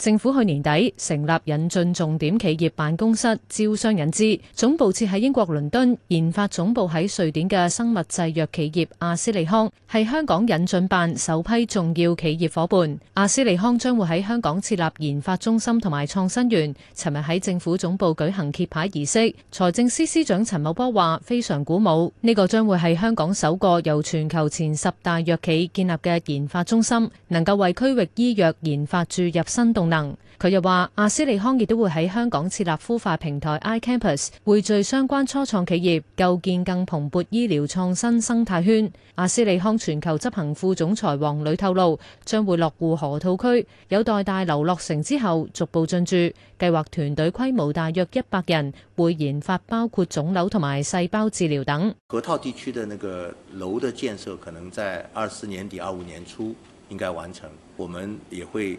政府去年底成立引進重點企業辦公室，招商引資。總部設喺英國倫敦，研發總部喺瑞典嘅生物製藥企業阿斯利康係香港引進辦首批重要企業伙伴。阿斯利康將會喺香港設立研發中心同埋創新園。尋日喺政府總部舉行揭牌儀式。財政司司長陳茂波話：非常鼓舞，呢、這個將會係香港首個由全球前十大藥企建立嘅研發中心，能夠為區域醫藥研發注入新動力。能佢又話，阿斯利康亦都會喺香港設立孵化平台 iCampus，匯聚相關初創企業，構建更蓬勃醫療創新生態圈。阿斯利康全球執行副總裁王磊透露，將會落戶河套區，有待大樓落成之後逐步進駐，計劃團隊規模大約一百人，會研發包括腫瘤同埋細胞治療等。河套地區嘅那個樓的建設可能在二四年底、二五年初應該完成，我們也會。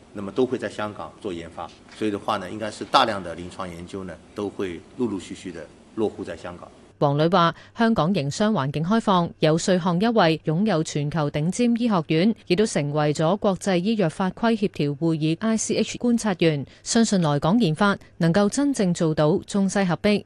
那麼都會在香港做研發，所以的話呢，應該是大量的臨床研究呢，都會陸陸續續的落戶在香港。王磊話：香港營商環境開放，有稅項優惠，擁有全球頂尖醫學院，亦都成為咗國際醫藥法規協調會議 ICH 觀察員，相信來港研發能夠真正做到中西合璧。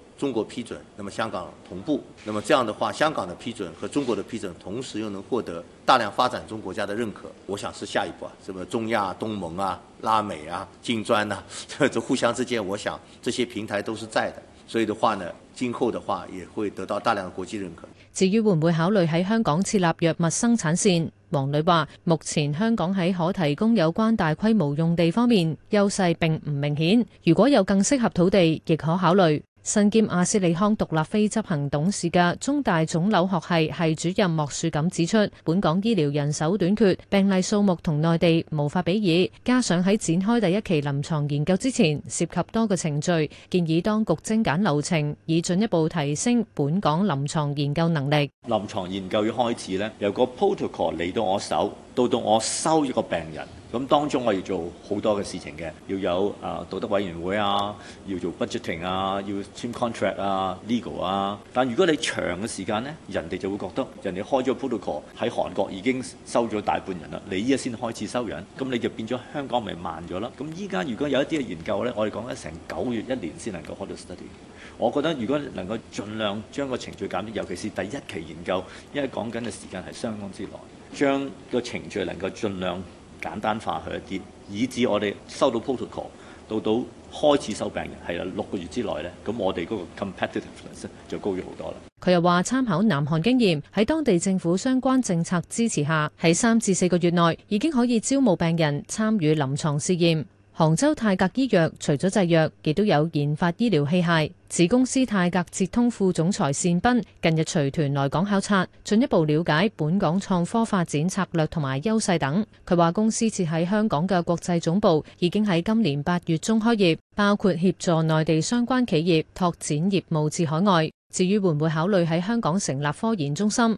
中國批准，那麼香港同步，那麼這樣的話，香港的批准和中國的批准同時又能獲得大量發展中國家的認可。我想是下一步啊，什麼中亞、東盟啊、拉美啊、金磚啊，這這互相之間，我想這些平台都是在的。所以的話呢，今後的話也會得到大量的國際認可。至於會唔會考慮喺香港設立藥物生產線？王磊話：目前香港喺可提供有關大規模用地方面優勢並唔明顯，如果有更適合土地，亦可考慮。身兼阿斯利康獨立非執行董事嘅中大腫瘤學系系主任莫樹錦指出，本港醫療人手短缺，病例數目同內地無法比擬，加上喺展開第一期臨床研究之前，涉及多個程序，建議當局精簡流程，以進一步提升本港臨床研究能力。臨床研究要開始呢，由個 protocol 嚟到我手。到到我收咗個病人，咁當中我要做好多嘅事情嘅，要有啊、呃、道德委員會啊，要做 budgeting 啊，要簽 contract 啊，legal 啊。但如果你長嘅時間呢，人哋就會覺得人哋開咗 protocol 喺韓國已經收咗大半人啦，你依家先開始收人，咁你就變咗香港咪慢咗啦。咁依家如果有一啲嘅研究呢，我哋講緊成九月一年先能夠開到 study。我覺得如果能夠盡量將個程序減啲，尤其是第一期研究，因為講緊嘅時間係相當之耐。將個程序能夠儘量簡單化去一啲，以致我哋收到 protocol 到到開始收病人係啦六個月之內咧，咁我哋嗰個 competitiveness 就高咗好多啦。佢又話參考南韓經驗，喺當地政府相關政策支持下，喺三至四個月內已經可以招募病人參與臨床試驗。杭州泰格醫藥除咗製藥，亦都有研發醫療器械。子公司泰格捷通副總裁善斌近日隨團來港考察，進一步了解本港創科發展策略同埋優勢等。佢話公司設喺香港嘅國際總部已經喺今年八月中開業，包括協助內地相關企業拓展業務至海外。至於會唔會考慮喺香港成立科研中心？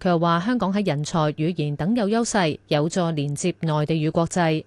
佢又話：香港喺人才、語言等有優勢，有助連接內地與國際。